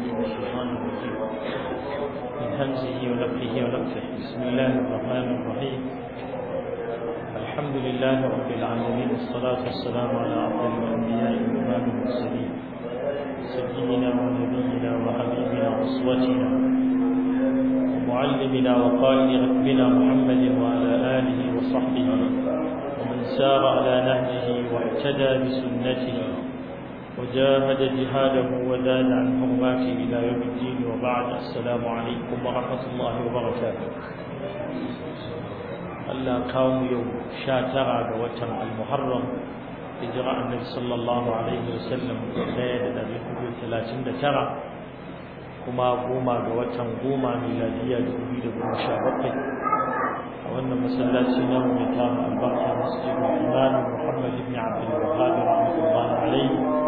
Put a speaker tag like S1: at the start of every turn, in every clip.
S1: من
S2: همزه ونفخه ونفخه بسم
S1: الله الرحمن الرحيم الحمد لله رب العالمين الصلاة والسلام على عبد الأنبياء وإمام المرسلين سيدنا ونبينا وحبيبنا وأسوتنا ومعلمنا وقائد
S2: ربنا محمد وعلى آله وصحبه ومن سار على نهجه واهتدى بسنته وجاهد جهاده وزاد عن حرماته إلى يوم الدين وبعد السلام عليكم ورحمة الله
S1: وبركاته Allah kawo yau sha tara ga watan al-Muharram hijira annabi sallallahu alaihi wasallam ɗaya da ɗari hudu talatin da
S2: tara kuma goma ga watan goma miladiya dubu da goma sha
S1: a wannan masallaci na mu mai albarka masjidul imam Muhammad ibn Abdul Wahhab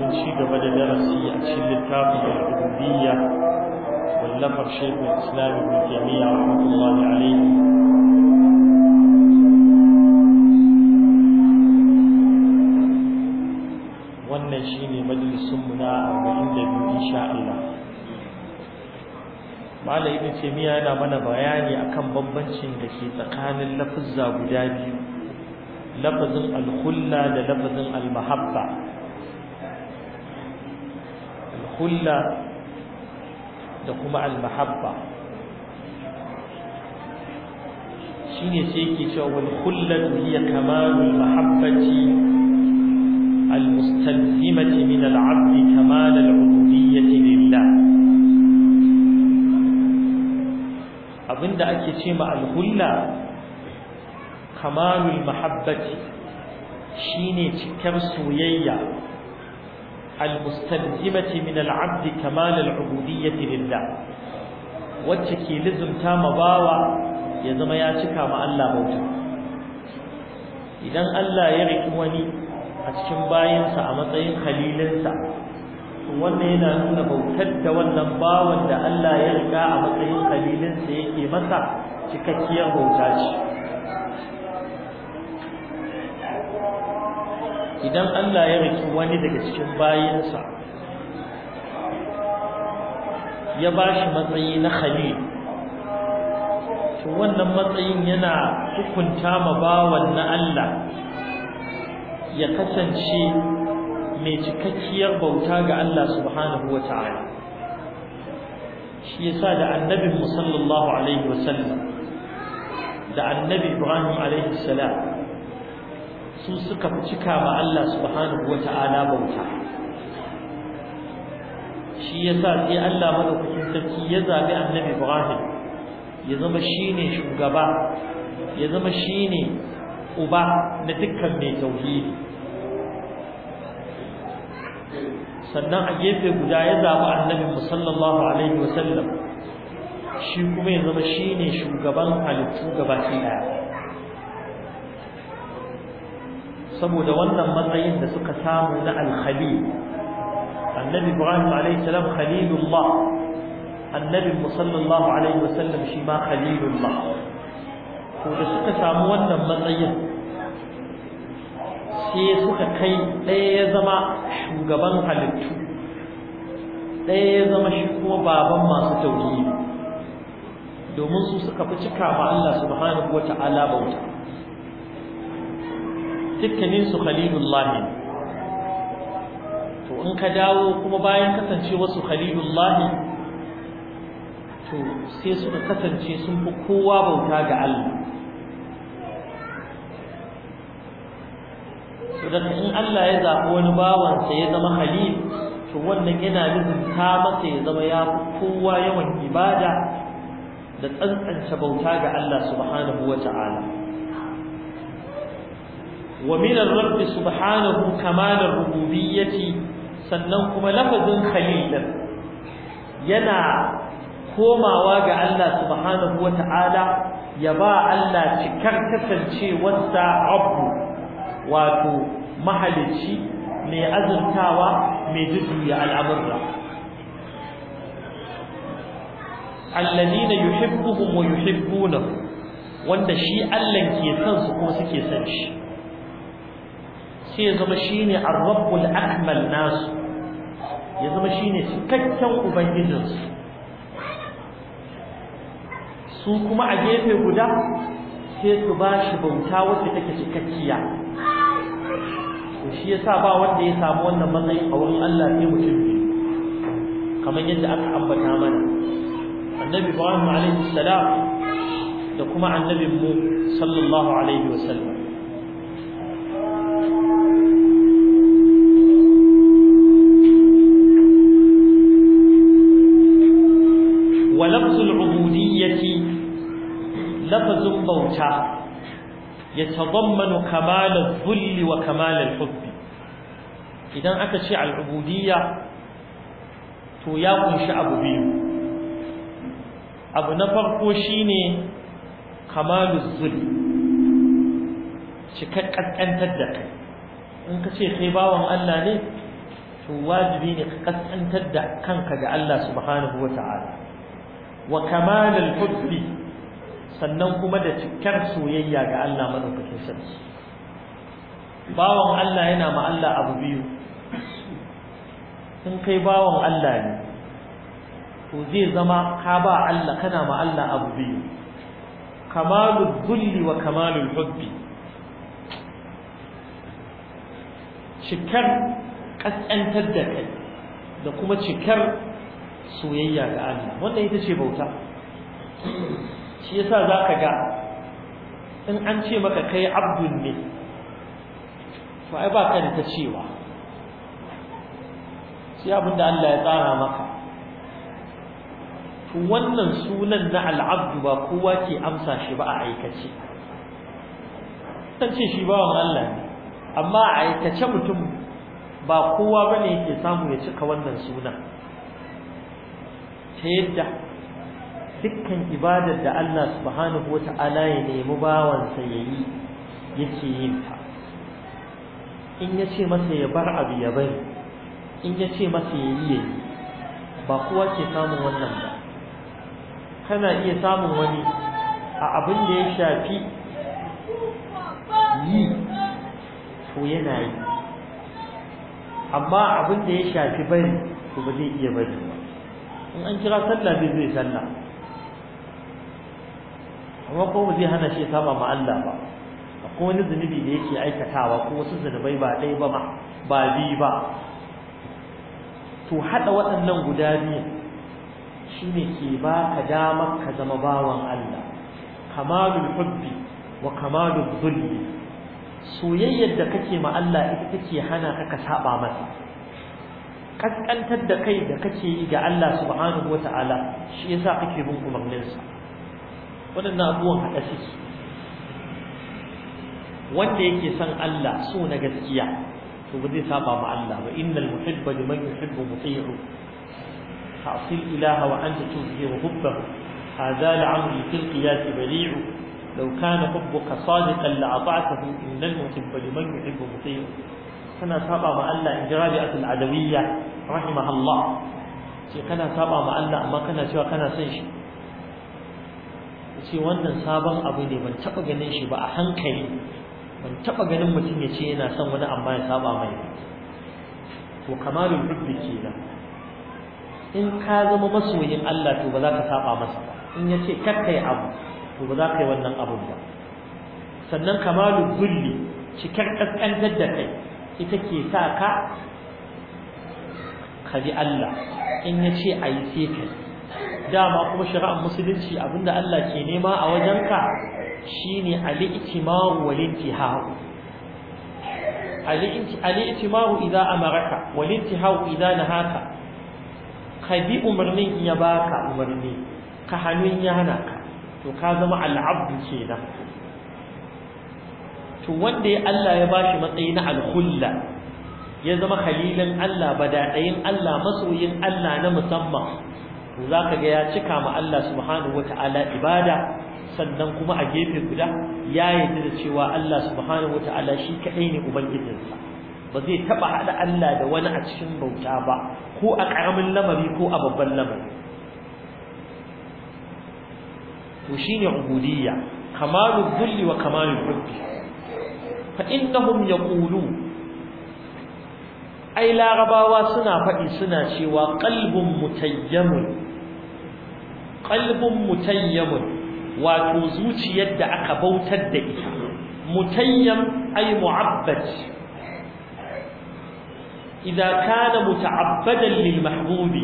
S1: domin ci gaba da darasi a cikin littafin al-rububiyya wallafar shaykhul islam ibn taymiyyah rahmatullahi alayhi wannan shine majalisun mu na 42 insha Allah
S2: Malam Ibn Taymiyyah yana mana bayani akan bambancin da ke tsakanin lafuzza guda biyu lafazin al-khulla da lafazin al-mahabba Hulla da kuma almahabba shine sai yake cewa wal khullatu hiya kamalul mahabbati almustalzimati min al'abd kamal al'ubudiyyati lillah abinda ake ce ma alhulla kamalul mahabbati shine cikar soyayya almustalzimati min al'abd kamal al'ubudiyyah lillah wacce ke lizumta ma bawa ya zama ya cika ma Allah bauta idan Allah ya riki wani a cikin bayansa a matsayin khalilinsa to wannan yana nuna bautar da wannan bawan da Allah ya riga a matsayin khalilinsa yake masa cikakkiyar bauta ce
S1: idan Allah ya riki wani
S2: daga cikin bayinsa ya ba shi matsayi na khalil to wannan matsayin yana hukunta ma bawan na Allah ya kasance mai cikakkiyar bauta ga Allah subhanahu wa shi yasa da annabin mu sallallahu alaihi wa sallam da annabi Ibrahim alaihi salam su suka fi cika ma Allah subhanahu wa ta'ala bauta shi ya sa, sai Allah madaukakin sarki ya zabi annabi Ibrahim ya zama shi ne shugaba ya zama shi ne uba na dukkan mai tauhidi
S1: sannan a gefe guda ya zabi annabi
S2: sallallahu alaihi wa sallam shi kuma ya zama shi ne shugaban halittu gaba ɗaya saboda wannan matsayin da suka samu na al-khalil annabi ibrahim alayhi salam khalilullah annabi sallallahu Alayhi wasallam shi ma
S1: khalilullah ko da suka samu wannan matsayin sai suka kai ɗaya ya zama shugaban halittu
S2: ɗaya ya zama shi kuma baban masu tauhidi domin su suka fi cika ma Allah subhanahu wata'ala bauta Dukkaninsu su khalilullahi to in ka dawo kuma bayan kasance wasu khalilullahi to sai suka kasance sun fi kowa bauta ga Allah saboda in Allah ya zaɓi wani bawansa ya zama khalil to wannan yana nufin ta masa ya zama ya fi kowa yawan ibada da tsantsance bauta ga Allah subhanahu wa ta'ala wa min ar-rabb subhanahu kamal ar-rububiyyati sannan kuma lafazin khalil yana komawa ga Allah subhanahu wata'ala ya ba Allah cikar kasancewarsa abu wato mahalicci mai azurtawa mai jujjuya al'amurra alladina yuhibbuhum wa yuhibbunahu wanda shi Allah ke son su kuma suke son shi sai ya zama shine a rabbul akmal nasu ya zama shine cikakken ubangijinsu su kuma a gefe guda sai su ba shi bauta wacce take cikakkiya to shi yasa ba wanda ya samu wannan matsayin a wurin Allah sai mutum biyu kamar yadda aka ambata mana annabi Ibrahim alaihi salam da kuma annabin mu sallallahu alaihi wasallam yatadammanu kamal adh-dhull wa kamal al idan aka ce al-ubudiyya to ya kunshi abu biyu abu na farko shine kamal adh-dhull cika kaskantar da kai in ka ce kai bawan Allah ne to wajibi ne ka kaskantar da kanka ga Allah subhanahu wa ta'ala wa kamal al sannan kuma da cikar soyayya ga Allah madaukakin sarki bawan Allah yana ma Allah abu biyu in kai bawan Allah ne to zai zama ka ba Allah kana ma Allah abu biyu kamalul dhulli wa kamalul hubbi cikar kaskantar da kai da kuma cikar soyayya ga Allah wannan ita ce bauta shi yasa zaka ga in an ce maka kai abdun ne to ai ba da ta cewa sai abin da Allah ya tsara maka to wannan sunan na al'abdu ba kowa ke amsa shi ba a aikace tance shi bawan Allah ne amma a aikace mutum ba kowa bane yake samu ya cika wannan sunan ta yadda dukkan ibadar da Allah subhanahu wata'ala ya nemi bawansa ya yi yake yin ta in ya ce masa ya bar abu ya bari in ya ce masa ya yi ya yi ba kowa ke samun wannan ba kana iya samun wani a abin da ya shafi yi to yana yi amma abin da ya shafi bari to ba zai iya bari ba in an kira sallah bai zai sallah kuma ko zai hana shi saba ma Allah ba akwai wani zunubi da yake aikatawa ko wasu zunubai ba ɗaya ba ma ba biyu ba to haɗa waɗannan guda biyu shine ke ba ka damar ka zama bawan Allah kamalul hubbi wa kamalul zulmi soyayyar da kake ma Allah ita take hana ka ka saba masa kaskantar da kai da kake yi ga Allah subhanahu wata'ala shi yasa kake bin umarninsa waɗannan abubuwan haɗa suke wanda yake son Allah so na gaskiya to ba zai saba ma Allah ba innal muhibba liman yuhibbu muti'u ta'sil ilaha wa anta tuzhiru hubbahu hadha la'amri fil qiyas bari'u law kana hubbuka sadiqan la'ata'tahu innal muhibba liman yuhibbu muti'u kana saba ma Allah in jirabi atul adawiyya rahimahullah ce kana saba ma Allah amma kana cewa kana son shi ce wannan sabon abu ne ban taɓa ganin shi ba a hankali ban taɓa ganin mutum ya ce yana son wani amma ya saba mai to kamalul hubbi kenan in ka zama masoyin Allah to ba za ka saba masa in ya ce kakkai abu to ba za ka yi wannan abun ba sannan kamalul zulli cikar kaskantar da kai ita ke sa ka ka ji Allah in ya ce a yi sai dama kuma shari'ar musulunci abinda Allah ke nema a wajenka shine al-itimaru wal intihau al-itimaru idza amaraka wal intihau idza nahaka ka bi umarnin ya baka umarni ka hannun ya hana ka to ka zama al'abdu kenan to wanda Allah ya bashi matsayi na al-khulla ya zama khalilan Allah badadayin Allah masoyin Allah na musamman za ka ga ya cika ma Allah subhanahu wa ta'ala ibada sannan kuma a gefe guda ya yarda da cewa Allah subhanahu wa ta'ala shi kaɗai ne ubangijinsa ba zai taɓa haɗa Allah da wani a cikin bauta ba ko a ƙaramin lamari ko a babban lamari to ne ubudiyya Kamalu dhulli wa kamalul hubbi fa innahum yaqulun ai larabawa suna faɗi suna cewa qalbun mutayyamun qalbun mutayyam wato zuciyar da aka bautar da ita mutayyam ay mu'abbad Idan kana muta'abbadan lil mahbubi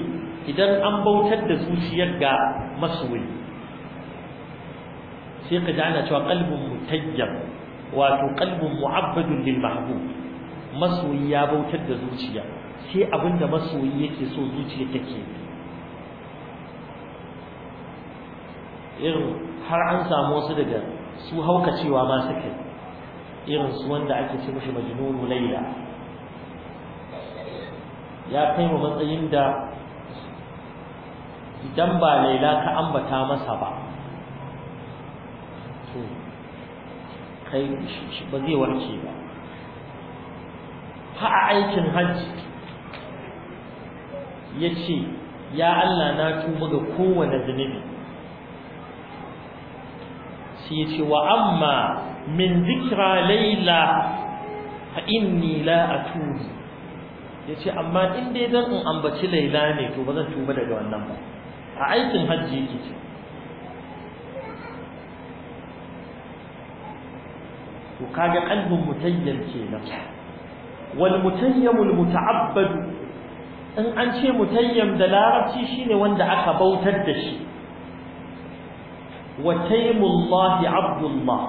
S2: idan an bautar da zuciyar ga masoyi sai ka ji ana cewa qalbun mutayyam wato qalbun mu'abbadun lil mahbub masoyi ya bautar da zuciya sai abinda masoyi yake so zuciya take yi irin har an samu wasu daga su haukacewa ma suke irin su wanda ake ce mashi majnunu laila ya kai wa matsayin da idan ba laila ka ambata masa ba to kai ba zai warke ba fa a aikin hajji ya ce ya Allah na tuba ga kowane zunubi sai ya ce wa amma min zikra laila fa inni la atubu yace amma in dai zan in ambaci laila ne to ba zan tuba daga wannan ba a aikin hajji yake ce to kaga kalbin mutayyal kenan wal mutayyamul muta'abbad in an ce mutayyam da larabci shine wanda aka bautar da shi wa taimullahi abdullah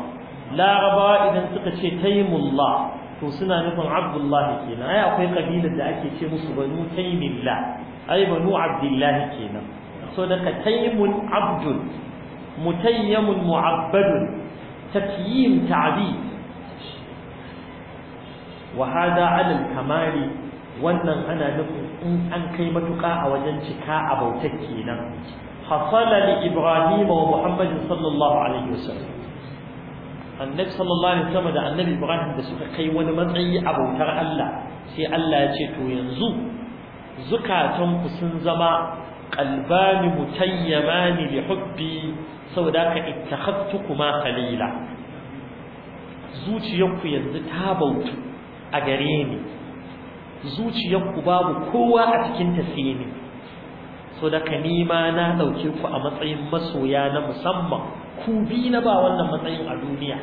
S2: larabawa idan suka ce taimullah to suna nufin abdullahi kenan ai akwai kabilar da ake ce musu banu taimillah ai banu abdullahi kenan so daga taimun abdul mutayyamun mu'abbadun tatyim ta'bid wa hada ala kamali wannan ana nufin in an kai matuƙa a wajen cika a bauta kenan حصل لابراهيم ومحمد صلى الله عليه وسلم النبي صلى الله عليه وسلم ده النبي ابراهيم ده suka kai wani matsayi a bautar Allah sai Allah ya ce to yanzu zukatan sun zama qalbani mutayyamani bi hubbi saboda ka ittakhadtukuma qalila zuciyanku yanzu ta bautu a gare ni zuciyanku babu kowa a cikin tasiri so da nima na ɗauke ku a matsayin masoya na musamman ku bi na ba wannan matsayin a duniya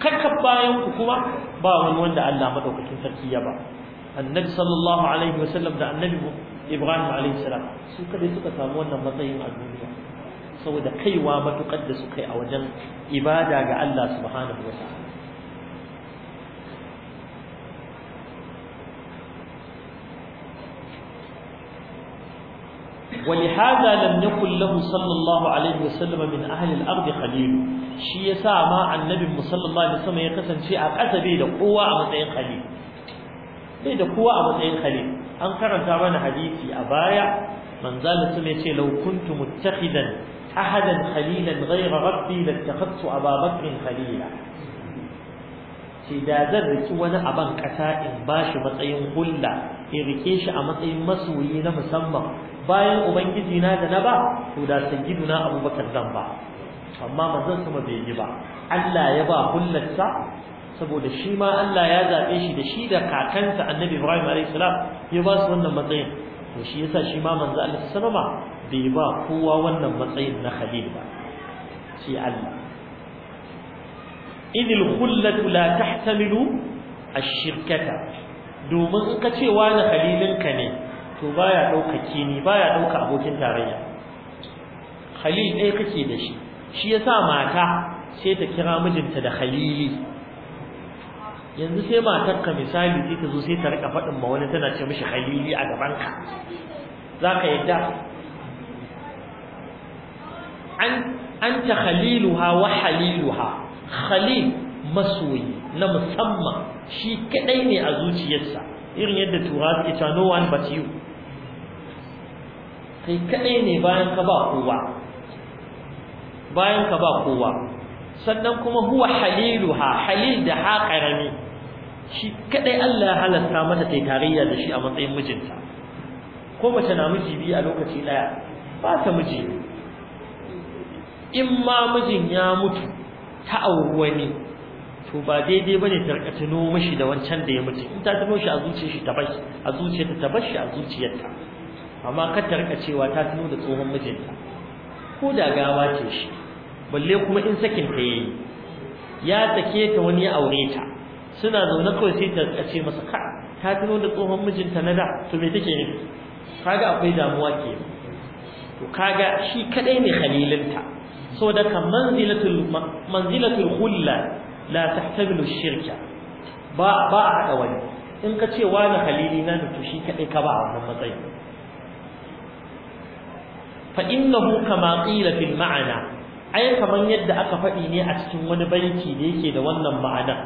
S2: kakka bayan ku kuma ba wani wanda Allah madaukakin sarki ya ba annabi sallallahu alaihi wasallam da annabi Ibrahim alaihi salam su kadai suka samu wannan matsayin a duniya saboda kaiwa matukar da suka yi a wajen ibada ga Allah subhanahu wa ta'ala ولهذا لم يكن له صلى الله عليه وسلم من أهل الأرض خليل شي يسا ما النبي صلى الله عليه وسلم يقسم شيء أقسى بيد قوة أمتين خليل بيد قوة أمتين خليل أنكر تعبان حديثي أبايع من ذا لسم يتي لو كنت متخذا أحدا خليلا غير ربي لاتخذت أبا بكر خليلا شي دا ذرك وانا أبان كسائن باش مطعين قلّا in rike shi a matsayin masoyi na musamman bayan ubangiji na da na ba to da sayyidu na abubakar zan ba amma manzon sama bai yi ba Allah ya ba hullarsa saboda shi ma Allah ya zabe shi da shi da kakansa annabi Ibrahim alayhi salam ya ba su wannan matsayin to shi yasa shi ma manzo Allah sallama bai ba kowa wannan matsayin na khalil ba shi Allah idil khullatu la tahtamilu ash-shirkata domin in ka ce wani halilinka ne to baya ɗauka kini baya ɗauka abokin tarayya halil ɗaya kake da shi shi yasa mata sai ta kira mijinta da halili yanzu sai matarka misali sai ta zo sai ta rika faɗin ma wani tana ce mishi halili a gabanka za ka yadda an anta khaliluha wa haliluha khalil masoyi na musamman shi kadai ne a zuciyarsa irin yadda tura suke cewa no one but you kai kadai ne bayan ka ba kowa bayan ka ba kowa sannan kuma huwa haliluha halil da ha shi kadai Allah ya halatta mata tai tarayya da shi a matsayin mijinta ko mace na miji biyu a lokaci daya ba ta miji in ma mijin ya mutu ta auri wani to ba daidai bane ta rika tuno mishi da wancan da ya mutu in ta tuno shi a zuciyar shi tabashi a zuciyarta tabashi a zuciyarta amma kar ta rika cewa ta tuno da tsohon mijinta ko da gawa ce shi balle kuma in sakin ta yayi ya take ta wani ya aure ta suna zaune kawai sai ta rika ce masa ka ta tuno da tsohon mijinta na da to me take ne kaga akwai damuwa ke to kaga shi kadai ne khalilinta so da kan manzilatul manzilatul khulla la tahtamilu shirka ba ba a haɗa wani in ka ce wani halili na da tushi kaɗai ka ba a wannan matsayin fa innahu kama qila fil ma'ana ai kaman yadda aka faɗi ne a cikin wani banki da yake da wannan ma'ana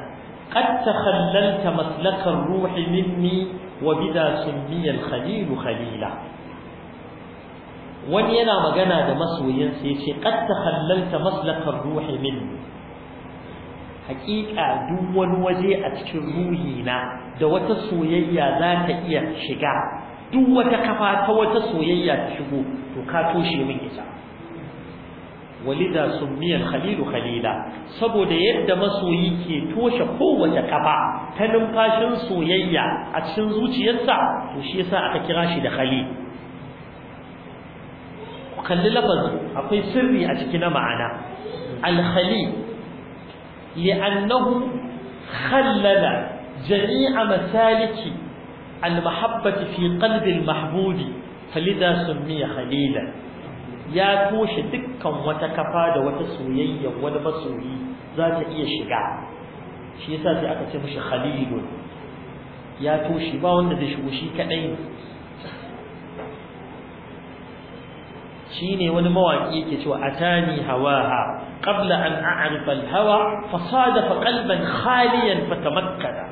S2: قد تخللت مسلك الروح مني وبذا سمي الخليل khalila. wani yana magana da masoyinsa ya ce qad takhallalta maslakar ruhi minni haƙiƙa duk wani waje a cikin ruhi na da wata soyayya za ta iya shiga duk wata kafa ta wata soyayya ta shigo to ka toshe min ita walida summiyan khalilu khalila saboda yadda masoyi ke toshe kowace kafa ta numfashin soyayya a cikin zuciyarsa to shi yasa aka kira shi da khalil ku kalli lafazin akwai sirri a cikin ma'ana al-khalil لأنه خلل جميع مسالك المحبة في قلب المحبوب فلذا سمي خليلا يا كوش دكا وتكفاد وتسويا ولمسوي ذات اي شجاع شيء ساتي أكتمش خليل يا توشي باون وند كأين shine wani mawaki yake cewa atani hawaha qabla an a'rifa al-hawa fasadafa qalban khaliyan fatamakkana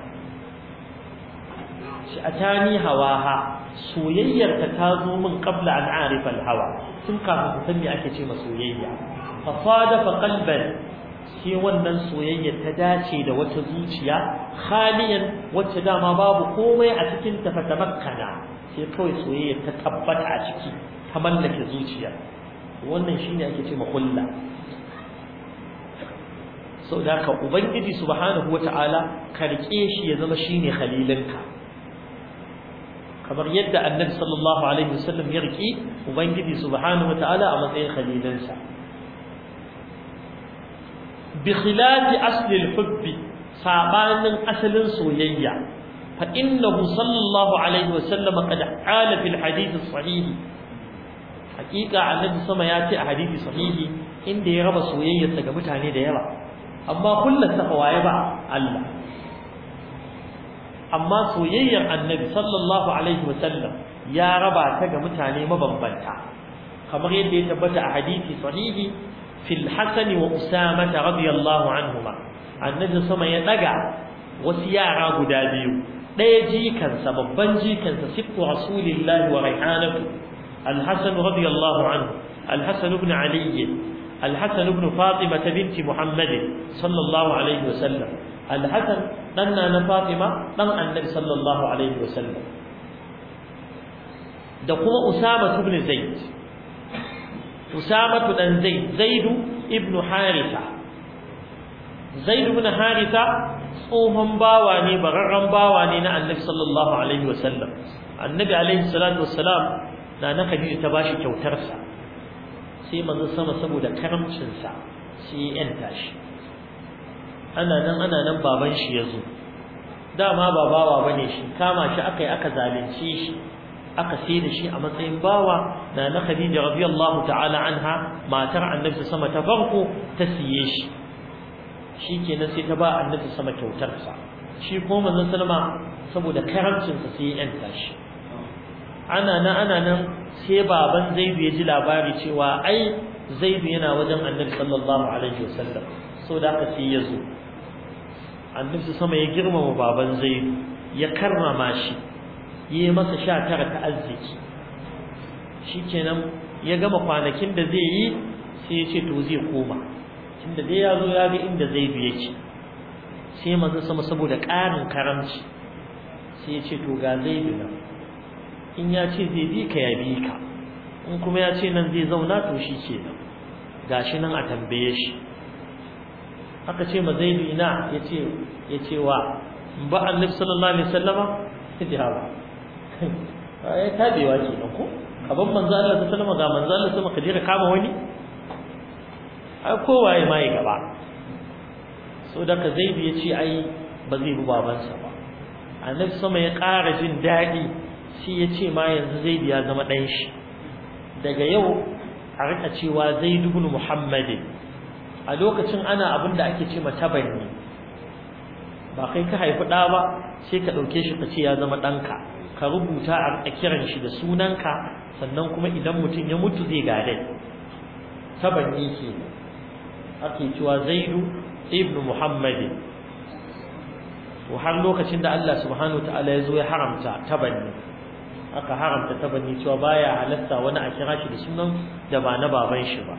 S2: shi atani hawaha soyayyar ta tazo min qabla an a'rifa al-hawa tun kafin san ake ce ma soyayya fasadafa qalban sai wannan soyayya ta dace da wata zuciya khaliyan wacce dama babu komai a cikin ta fatamakkana sai kawai soyayya ta tabbata a ciki ka mallake zuciya wannan shine ake ce mahulla sau da ka ubangiji subhanahu wata'ala karke shi ya zama shine khalilinka kamar yadda annabi sallallahu alaihi wasallam ya riki ubangiji subhanahu wata'ala a matsayin khalilinsa bi khilafi asli al-hubbi sabanin asalin soyayya fa innahu sallallahu alaihi wasallam qad ala fil hadith as-sahih hakika annabi sama ya ce a hadisi sahihi inda ya raba soyayyarsa ga mutane da yawa amma kullun sa waye ba Allah amma soyayyar annabi sallallahu alaihi sallam ya raba ta ga mutane mabambanta kamar yadda ya tabbata a hadisi sahihi fil hasan wa usama radiyallahu anhuma annabi sama ya daga wasu yara guda biyu ɗaya jikansa babban jikansa sibtu rasulillahi wa rai'anatu. الحسن رضي الله عنه الحسن بن علي الحسن بن فاطمة بنت محمد صلى الله عليه وسلم الحسن دنا نا فاطمة دن النبي صلى الله عليه وسلم da kuma Usama ibn Zaid Usama ibn Zaid Zaid ibn Haritha Zaid ibn Haritha tsohon bawa ne bararran bawa ne na Annabi sallallahu alaihi wasallam Annabi alaihi salatu wassalam nana Khadija ta bashi kyautar sa sai manzo sama saboda karamcin sa sai ya yanta shi ana nan ana nan baban shi ya zo dama ba bawa bane shi kama shi akai aka zalunce shi aka sai da shi a matsayin bawa na na Khadija radiyallahu ta'ala anha matar annabi sama ta farko ta siye shi shikenan sai ta ba annabi sama kyautar sa shi ko manzon sallama saboda karamcin sa sai ya yanta shi ana nan ana nan sai baban zaidu ya ji labari cewa ai zaidu yana wajen annabi sallallahu alaihi wasallam so da aka sai ya zo annabi sama ya girmama baban zaidu ya karrama shi yi masa sha tara ta arziki shikenan ya gama kwanakin da zai yi sai ya ce to zai koma tunda dai ya zo ya ga inda zaidu yake sai manzo sama saboda ƙarin karamci sai ya ce to ga zaidu nan in ya ce zai bi ka ya bi ka in kuma ya ce nan zai zauna to shi ke nan ga shi nan a tambaye shi aka ce ma zai na ya ce ya ce wa ba annabi sallallahu alaihi wasallama ya ji hawa ai tabewa ke nan ko kaban manzo Allah sallallahu alaihi wasallama ga manzo Allah sama kadira kama wani ai kowaye ma yi gaba so da ka bi ya ce ai ba zai bi babansa ba annabi sama ya ƙara jin daɗi shi ya ce ma yanzu Zaidu ya zama ɗan shi daga yau a rika cewa Zaidu bin muhammadin a lokacin ana abin da ake ce ne. ba kai ka haifi ɗa ba sai ka ɗauke shi ka ce ya zama ɗanka ka rubuta a kiran shi da sunanka sannan kuma idan mutum ya mutu zai Taban ne ke ake cewa zaidu ibn muhammadin to har lokacin da Allah subhanahu ta'ala ya zo ya haramta taban ne. aka haramta tabanni cewa baya halatta wani a kira shi da sunan da ba na baban shi ba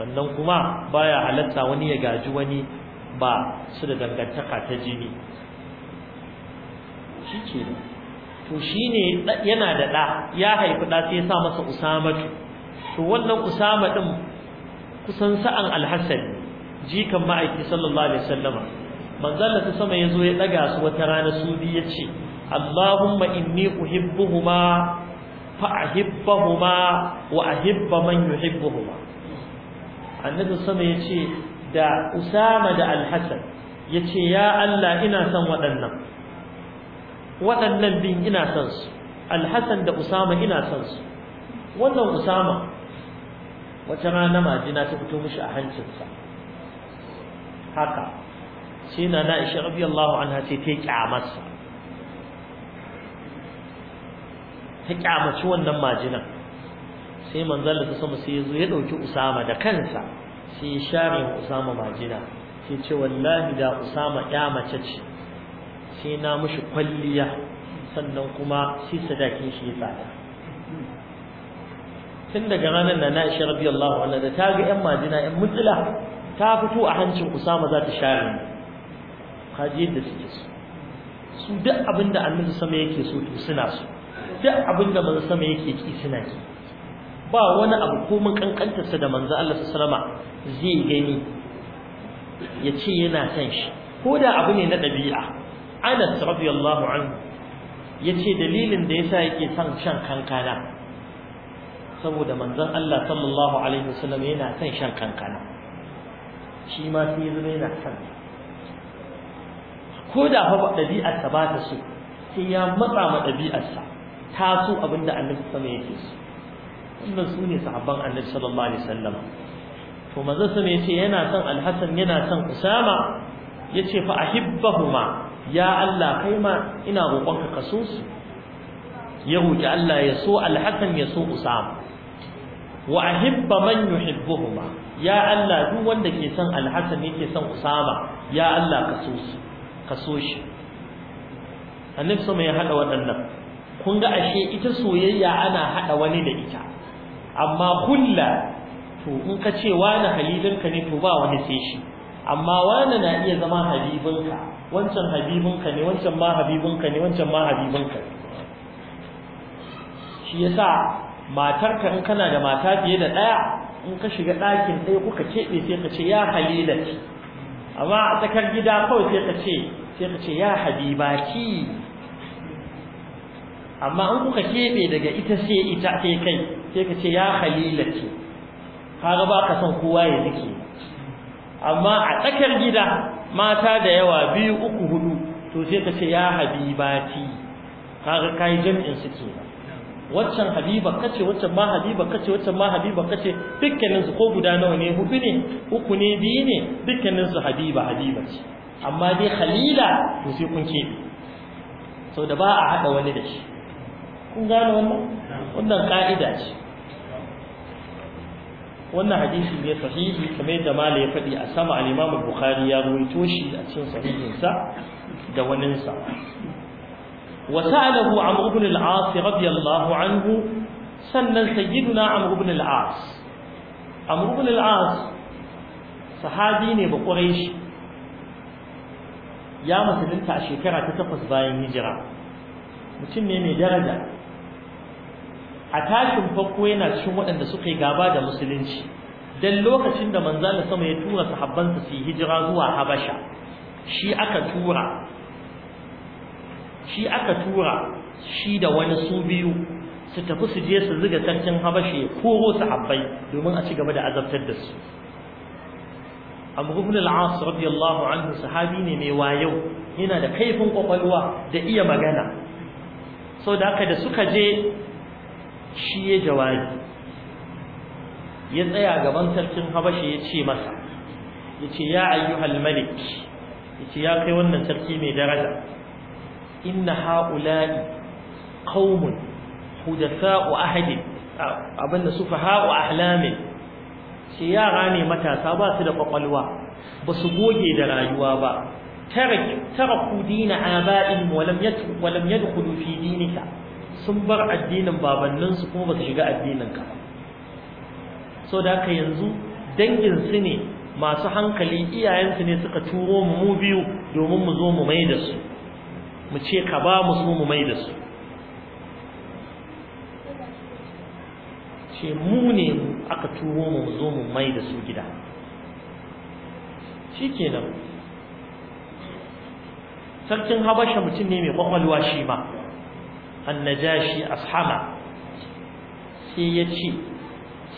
S2: sannan kuma baya halatta wani ya gaji wani ba su da dangantaka ta jini shi ke to shi ne yana da ɗa ya haifi ɗa sai ya sa masa usamatu to wannan usama ɗin kusan sa'an alhassan jikan ma'aiki sallallahu alaihi wasallama manzon da sama ya zo ya ɗaga su wata rana su biyu ya ce اللهم إني أحبهما فأحبهما وأحب من يحبهما النبي صلى الله عليه وسلم دا أسامة دا الحسن يتي يا الله إنا سن ودنا ودنا بين إنا سنس الحسن دا أسامة إنا سنس wannan Usama wata rana majina ta fito mishi a hancinsa haka sai na na ishe rabbi Allahu anha sai ta kyamarsa ta kyamaci wannan majinan sai manzon da sama sai ya zo ya dauki Usama da kansa sai share Usama majina sai ce wallahi da Usama ya mace ce sai na mushi kwalliya sannan kuma sai sadakin shi ya tsada tun daga ranar da na ishe radiyallahu anha da ta ga yan majina yan mutula ta fito a hancin Usama za ta share kaji yadda suke so su duk abinda Annabi sama yake so to suna so duk abin da manzo sama yake ki suna ki ba wani abu ko mun kankanta sa da manzo Allah sallama zai gani ya ce yana san shi ko da abu ne na dabi'a Anas radiyallahu anhu yace dalilin da yasa yake son shan kankana saboda manzon Allah sallallahu alaihi wasallam yana son shan kankana shi ma sai ya zama yana son ko da fa dabi'arsa ba ta so sai ya matsa ma dabi'arsa ta so abin da annabi sama yake so wannan su ne sahabban annabi sallallahu alaihi wasallam to manzo sama yace yana son alhasan yana son usama yace fa ahibbahuma ya Allah kai ma ina roƙonka ka so su ya roƙi Allah ya so alhasan ya so usama wa ahibba man yuhibbuhuma ya Allah duk wanda ke son alhasan yake son usama ya Allah ka so su ka so shi annabi sama ya hada waɗannan kun ga ashe ita soyayya ana hada wani da ita amma kulla to in ka ce wani halilinka ne to ba wani sai shi amma wani na iya zama habibinka wancan habibinka ne wancan ma habibinka ne wancan ma habibinka ne shi yasa matarka in kana da mata fiye da ɗaya in ka shiga ɗakin ɗaya kuka keɓe sai ka ce ya halilati amma a tsakar gida kawai sai ka ce sai ka ce ya habibaki amma in kuka kebe daga ita sai ita sai kai sai ka ce ya halilati kaga ba ka son kowa ya zike amma a tsakar gida mata da yawa biyu uku hudu to sai ka ce ya habibati kaga kai jami'in su ke waccan habiba kace waccan ma habiba kace waccan ma habiba kace dukkanin su ko guda nawa ne hudu ne uku ne biyu ne dukkanin su habiba habiba ce amma dai khalila to sai kun ce sau da ba a hada wani da shi kun gane wannan wannan ka'ida ce wannan hadisi ne sahihi kamar yadda mala ya faɗi a sama al-Imam Bukhari ya ruwaito shi a cikin sahihinsa da waninsa wa sa'alahu Amr ibn al-As radiyallahu anhu sannan sayyiduna Amr ibn al-As Amr ibn al-As sahabi ne ba Quraishi ya musulunta a shekara ta takwas bayan hijira mutum ne mai daraja a tashin farko yana cikin waɗanda suka yi gaba da musulunci dan lokacin da da sama ya tura sahabbansa su yi hijira zuwa habasha shi aka tura shi aka tura shi da wani su biyu su tafi su je su ziga sarkin habasha ya koro sahabbai domin a ci gaba da azabtar da su Abu Ibn al-As radiyallahu anhu sahabi ne mai wayo yana da kaifin kwakwalwa da iya magana sau da haka da suka je shi ya jawabi ya tsaya gaban sarkin habashi ya ce masa ya ce ya ayyuhal malik ya ce ya kai wannan sarki mai daraja inna ha'ula'i qaumun hudasa'u ahadi abinda su faha'u ahlamin ce yara ne matasa ba su da kwakwalwa ba su goge da rayuwa ba taraku dina aba'in walam yadkhulu fi dinika sun bar addinin babanninsu kuma ba su shiga addinin ka so da haka yanzu danginsu ne masu hankali iyayensu ne suka turo mu mu biyu domin mu zo mu mai da su mu ce ka ba mu su mu mai da su ce mu ne aka turo mu mu zo mu mai da su gida nan, sarkin habasha mutum ne mai kwakwalwa shi ma annajashi ashama sai ya ce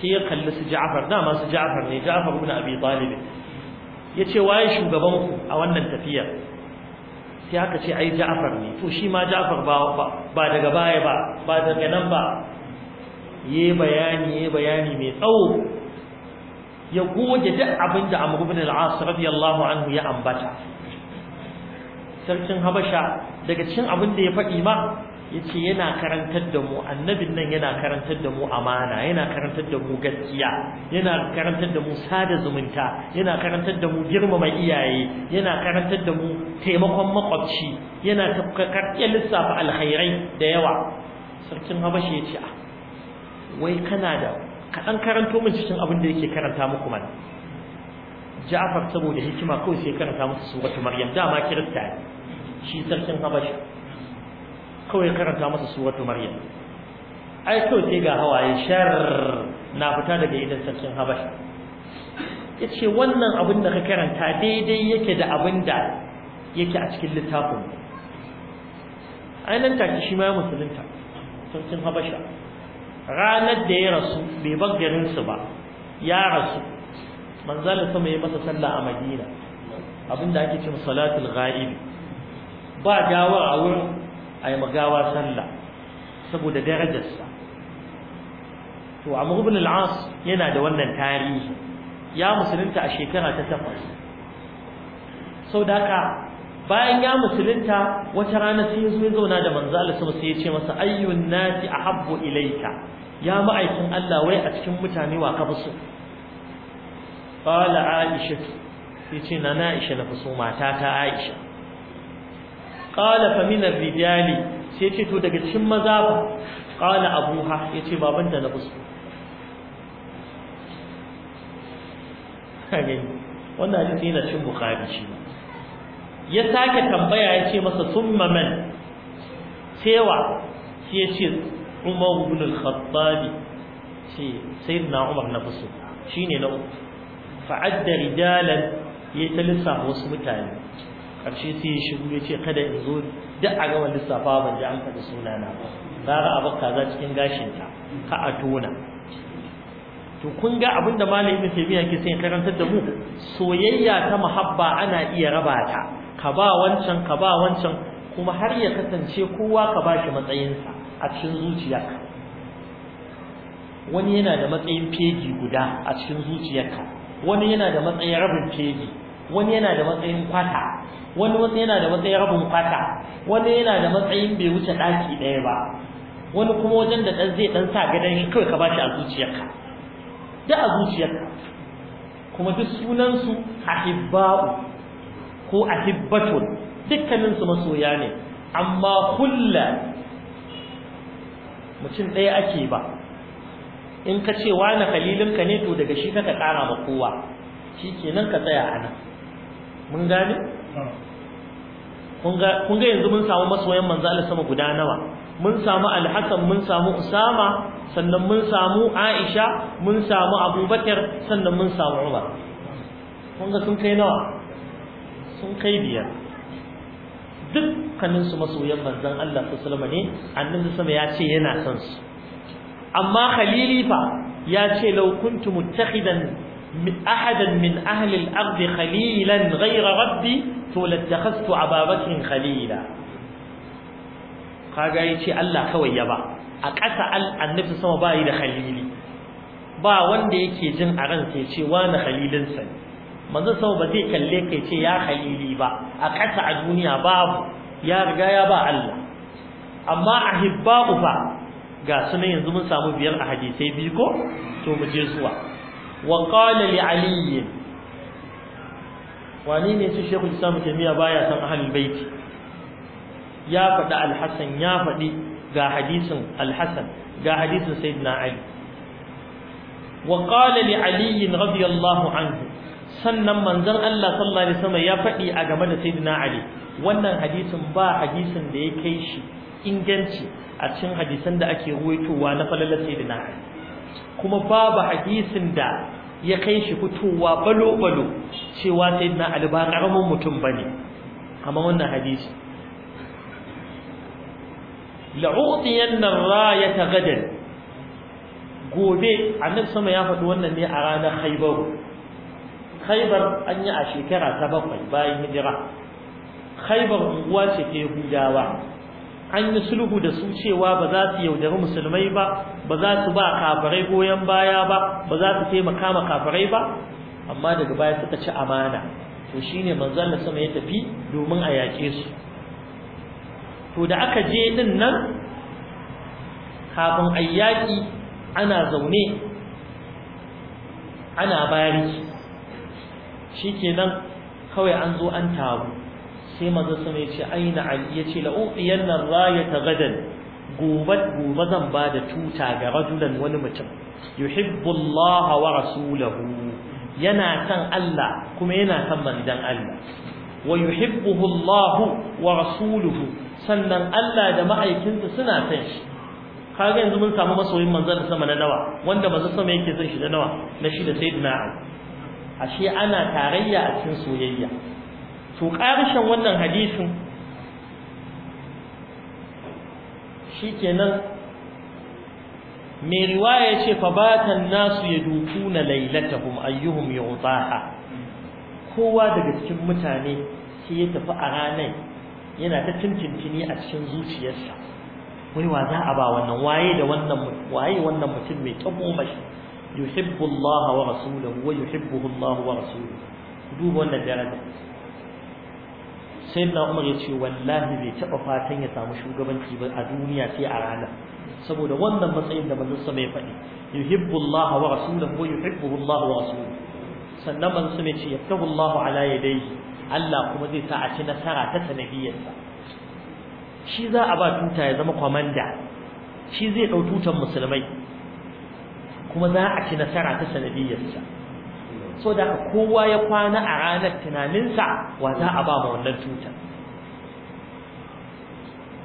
S2: sai ya kalli su Ja'far dama su Ja'far ne Ja'far ibn Abi Talib yace waye shugaban ku a wannan tafiyar sai aka ce ai Ja'far ne to shi ma Ja'far ba ba daga baya ba ba daga nan ba yi bayani yi bayani mai tsawo ya goge duk abin da Amr ibn al-As radiyallahu anhu ya ambata sarkin Habasha daga cikin abin da ya faɗi ma yace yana karantar da mu annabin nan yana karantar da mu amana yana karantar da mu gaskiya yana karantar da mu sada zumunta yana karantar da mu girmama iyaye yana karantar da mu taimakon makwabci yana tafkakar lissafa alkhairai da yawa sarkin habashi yace a, ah, wai kana da kaɗan karanto min cikin abin da yake karanta muku man Ja'far saboda hikima kawai sai karanta musu wata Maryam dama kirista shi sarkin Habasha kawai karanta masa suratu maryam ai to sai ga hawaye shar na fita daga idan sarkin habasha yace wannan abin da ka karanta daidai yake da abin da yake a cikin littafin ai nan shi ma musulunta sarkin habasha ranar da ya rasu bai bar garin su ba ya rasu manzalin sama ya masa sallah a madina abinda ake cewa salatul ghaib ba dawa a wurin a magawa sallah saboda darajarsa to amr ibn al-as yana da wannan tarihi ya musulunta a shekara ta takwas sau da bayan ya musulunta wata rana sai zo ya zauna da manzo Allah sama sai ya ce masa ayyun nasi ahabbu ilayka ya ma'aikin Allah wai a cikin mutane wa ka fi qala aisha sai na na aisha na fi so mata ta aisha qala fa min sai ce to daga cikin maza fa qala abuha yace babanta na fusu kage wannan hadisi yana cikin bukhari shi ya sake tambaya yace masa summa man cewa sai yace umar ibn al-khattabi shi sayyidina umar na fusu shine na uku fa'adda rijalan ya ta lissafa wasu mutane karshe sai ya shigo ya ce kada in zo duk a gaban lissafa ban ji an faɗi sunana ba gara a bakka za cikin gashinta ka a tona to kun ga abin da malam ibn taymiya ke sai karantar da mu soyayya ta muhabba ana iya raba ta ka ba wancan ka ba wancan kuma har ya kasance kowa ka bashi matsayinsa a cikin zuciyarka wani yana da matsayin fegi guda a cikin zuciyarka wani yana da matsayin rabin fegi. wani yana da matsayin kwata wani wata yana da matsayin rabin kwata wani yana da matsayin bai wuce ɗaki ɗaya ba wani kuma wajen da ɗan zai ɗan sa gadon kawai ka bashi a zuciyarka da a zuciyarka kuma duk sunansu a hibba'u ko a dukkanin dukkaninsu masoya ne amma kulla mutum ɗaya ake ba in ka ce wani halilinka ne to daga shi ka ƙara ma kowa shi kenan ka tsaya a nan mun gane kun ga yanzu mun samu masoyan manzo Allah sama guda nawa mun samu al-Hasan mun samu Usama sannan mun samu Aisha mun samu Abubakar sannan mun samu Umar kun ga sun kai nawa sun kai biyar dukkanin su masoyan manzo Allah sallallahu alaihi wasallam ne annabi sama ya ce yana son su amma khalili fa ya ce law kuntum muttakhidan أحدا من أهل الأرض خليلا غير ربي فلاتخذت أبا بكر خليلا kaga yace Allah kawai ya ba a ƙasa annabi sama ba yi da khalili ba wanda yake jin a ransa ya ce wani khalilin sa manzo sama ba zai kalle kai ce ya khalili ba a ƙasa a duniya babu ya riga ya ba Allah amma ahibba'u fa ga sunan yanzu mun samu biyar a hadisai biyu ko to mu je zuwa wa qala li ali wani ne shi shekul islam tamiya baya san ahlul bait ya faɗi al-hasan ya faɗi ga hadisin al-hasan ga hadisin sayyidina ali wa qala li ali radiyallahu anhu sannan manzon Allah sallallahu alaihi wasallam ya faɗi a game da sayyidina ali wannan hadisin ba hadisin da ya kai shi inganci a cikin hadisan da ake ruwaitowa na falalar sayyidina ali kuma babu hadisin da ya kai shi fitowa balo-balo cewa sai na alba ƙaramin mutum ba ne amma wannan hadisi la'uɗiyan nan raya ta gadar gobe annabi sama ya faɗi wannan ne a ranar haibar haibar an yi a shekara ta bakwai bayan hijira haibar unguwa ce ke hudawa an yi sulhu da su cewa ba za su yaudari musulmai ba ba za su ba kafirai goyon baya ba ba za su taimaka ma kafirai ba amma daga baya suka ci amana to shine manzon Allah sama ya tafi domin a yaƙe su to da aka je din nan kafin ayyaki ana zaune ana shi shikenan kawai an zo an taru sai manzo sama ya ce aina ali ya ce la'uqiyanna rayata gadan gobe zan ba da tuta ga rajulan wani mutum yuhibbullaha wa rasulahu yana san Allah kuma yana san manzon Allah wa yuhibbuhu Allah wa rasuluhu sannan Allah da ma'aikinsa suna san shi kaga yanzu mun samu masoyin manzon sama na nawa wanda manzon sama yake san shi da nawa na shi da sayyidina ashe ana tarayya a cikin soyayya to karshen wannan hadisin shi mai riwaya ya ce fabatan nasu ya dutu na lailatahum ayyuhum ya ha? kowa daga cikin mutane sai ya tafi a ranar yana ta tuntuntuni a cikin zuciyarsa wai wa za a ba wannan waye da wannan mutum mai tabo mashi yuhibbu Allah wa rasuluhu wa yuhibbuhu Allah wa rasuluhu duba wannan daraja sai na umar ya ce wallahi bai taɓa fatan ya samu shugabanci ba a duniya sai a ranar saboda wannan matsayin da manzon sama ya faɗi yuhibbu Allah wa rasuluhu wa yuhibbuhu Allah wa rasuluhu sannan manzon sama ya ce yaftahu Allah ala yadayhi Allah kuma zai sa a ci nasara ta sanadiyarsa shi za a ba tuta ya zama kwamanda shi zai ɗau tutan musulmai kuma za a ci nasara ta sanadiyarsa so da kowa ya kwana a ranar tunaninsa wa za a ba wannan tuta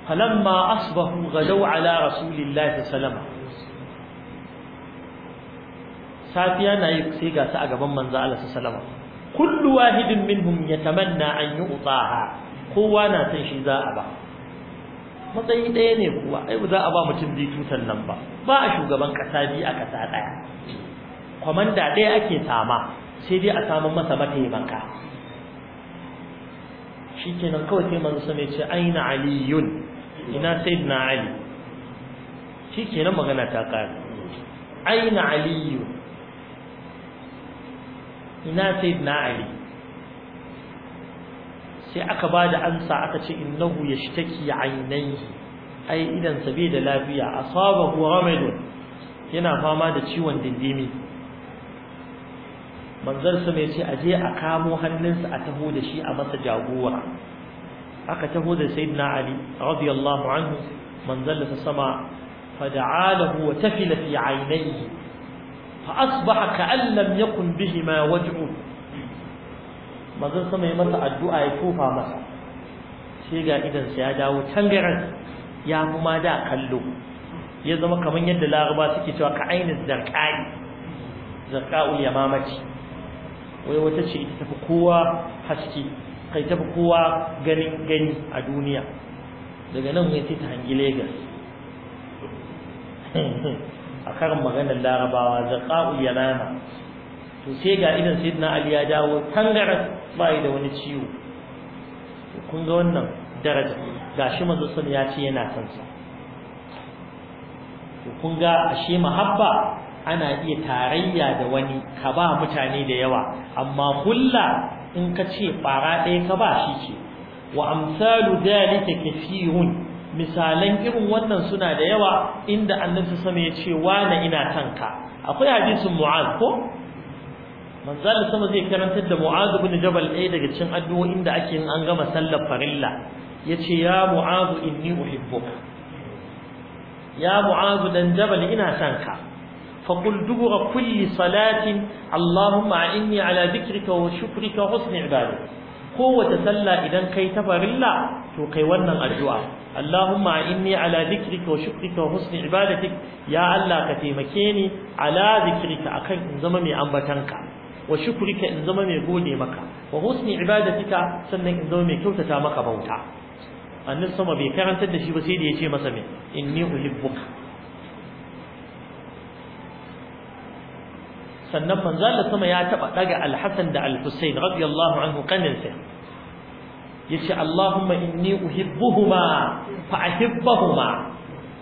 S2: falamma asbahu gadau ala rasulillahi sallama safiya na yi sai ga su a gaban manzo Allah sallama kullu wahidin minhum yatamanna an yu'taha kowa na san shi za a ba matsayi ɗaya ne kuwa ai ba za a ba mutum bi tutan nan ba ba a shugaban kasa biyu a kasa ɗaya kwamanda ɗaya ake sama sai dai a samun masa mataimaka. shi kenan kawai sai manzo sama ce aina aliyun ina sayyidina ali shi kenan magana ta kare aina aliyu ina sayyidina ali sai aka ba da ansa aka ce innahu yashtaki ainaihi ai idan sabi da lafiya asabahu ramadun yana fama da ciwon dindimi manzon sama yace a je a kamo hannunsa a taho da shi a masa jagora aka taho da sayyidina ali radiyallahu anhu manzon sama fada'alahu wa tafila fi aynayhi fa asbaha ka'an lam yakun bihima waj'u manzon sama ya masa addu'a ya tofa masa sai ga idansa ya dawo tangaran ya mu ma da kallo ya zama kamar yadda laraba suke cewa ka ainin zarqai zarqaul yamamaci wai wata ce ita tafi kowa haske kai tafi kowa ganin gani a duniya daga nan ya ta hangi Legas. a karin maganar larabawa zaka'u yalama to sai ga idan sayyidina ali ya dawo tangaras yi da wani ciwo kun ga wannan daraja gashi shi sun ya ce yana kansa kun ga ashe mahabba ana iya tarayya da wani ka ba mutane da yawa amma kulla in ka ce ɓara ɗaya ka ba shi ce wa amsalu dalika kathirun misalan irin wannan suna da yawa inda annabi sama ya ce na ina kanka akwai hadisin mu'az ko manzal sama zai karantar da mu'az ibn jabal ɗaya daga cikin addu'o'in da ake yin an gama sallar farilla yace ya mu'az inni uhibbuka ya mu'az dan jabal ina sanka ka فقل دبر كل صلاة اللهم أعني على ذكرك وشكرك وحسن عبادتك قوة سلة إذا كي تفر الله توقي ونن الدعاء اللهم إني على ذكرك وشكرك وحسن عبادتك يا الله كتيمكيني على ذكرك أكن زممي أنبتنك وشكرك إن زممي قولي مكا وحسن عبادتك سنن إن زممي كوتتا مكا بوتا النصم بيكرن تدشي بسيدي يشي مسمي إني أحبك sannan manzon sama ya taba daga al-Hasan da al-Husayn radiyallahu anhu kaninsa yace Allahumma inni uhibbuhuma fa ahibbahuma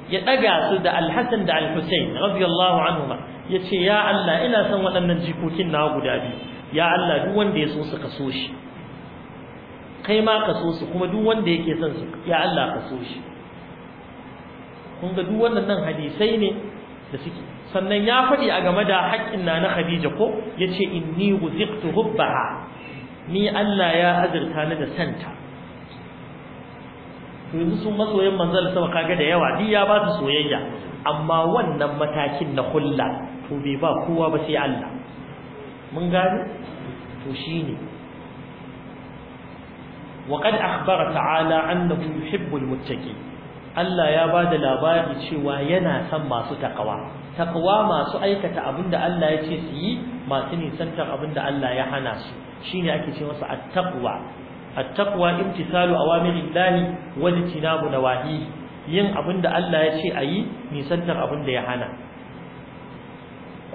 S2: ya daga su da al-Hasan da al-Husayn radiyallahu anhuma yace ya Allah ina son waɗannan jikokin na guda biyu ya Allah duk wanda ya so su kaso shi kai ma kaso su kuma duk wanda yake son su ya Allah kaso shi kun ga duk wannan hadisai ne da suke sannan ya faɗi a game da haƙƙin na na Khadija ko yace inni uziqtu hubbaha ni Allah ya azurta ni da santa to yanzu sun masoyan manzon sama kaga da yawa duk ya ba su soyayya amma wannan matakin na hulla to bai ba kowa ba sai Allah mun gane to shine وقد أخبر تعالى أنه يحب المتقين Allah ya ba da labari cewa yana son masu takawa taqwa masu aikata abinda Allah ya ce su yi masu nisantar abinda Allah ya hana su shine ake ce masa at-taqwa at-taqwa imtisalu awamirillahi wa ijtinabu nawahihi yin abinda Allah ya ce ayi nisantar abinda ya hana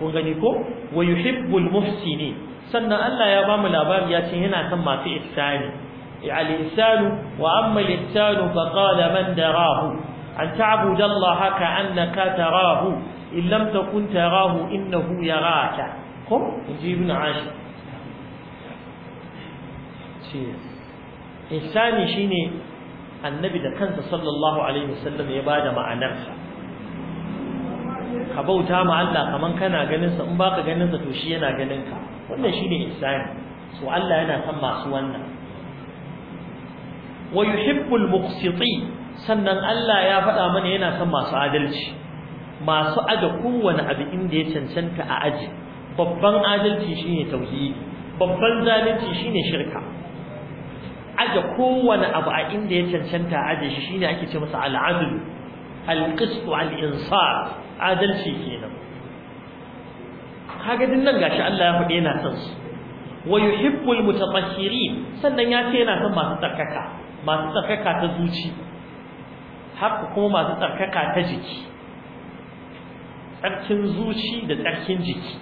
S2: kun gani ko wa yuhibbul muhsini sannan Allah ya bamu labari ya ce yana son masu ihsani al-ihsanu wa amma al-ihsanu fa qala man darahu an ta'budallaha ka'annaka tarahu in lam takun tarahu innahu yaraka ko ji ibn ashir ce ihsani shine annabi da kansa sallallahu alaihi wasallam ya bada ma'anarsa
S1: ka bauta ma Allah
S2: kaman kana ganin sa in baka ganin sa to shi yana ganin ka wannan shine ihsani so Allah yana san masu wannan wa yuhibbul muqsiti sannan Allah ya faɗa mana yana san masu adalci masu aje kowane abu inda ya cancanta a aji babban adalci shine tauhidi babban zalunci shine shirka aje kowane abu a inda ya cancanta a aje shi shine ake ce masa al'adlu al-qist al-insaf adalci kenan
S1: kaga din nan gashi Allah
S2: ya faɗi yana son su wa yuhibbul mutatahhirin sannan ya ce yana son masu tsarkaka masu tsarkaka ta zuci har kuma masu tsarkaka ta jiki tsarkin zuci da tsarkin jiki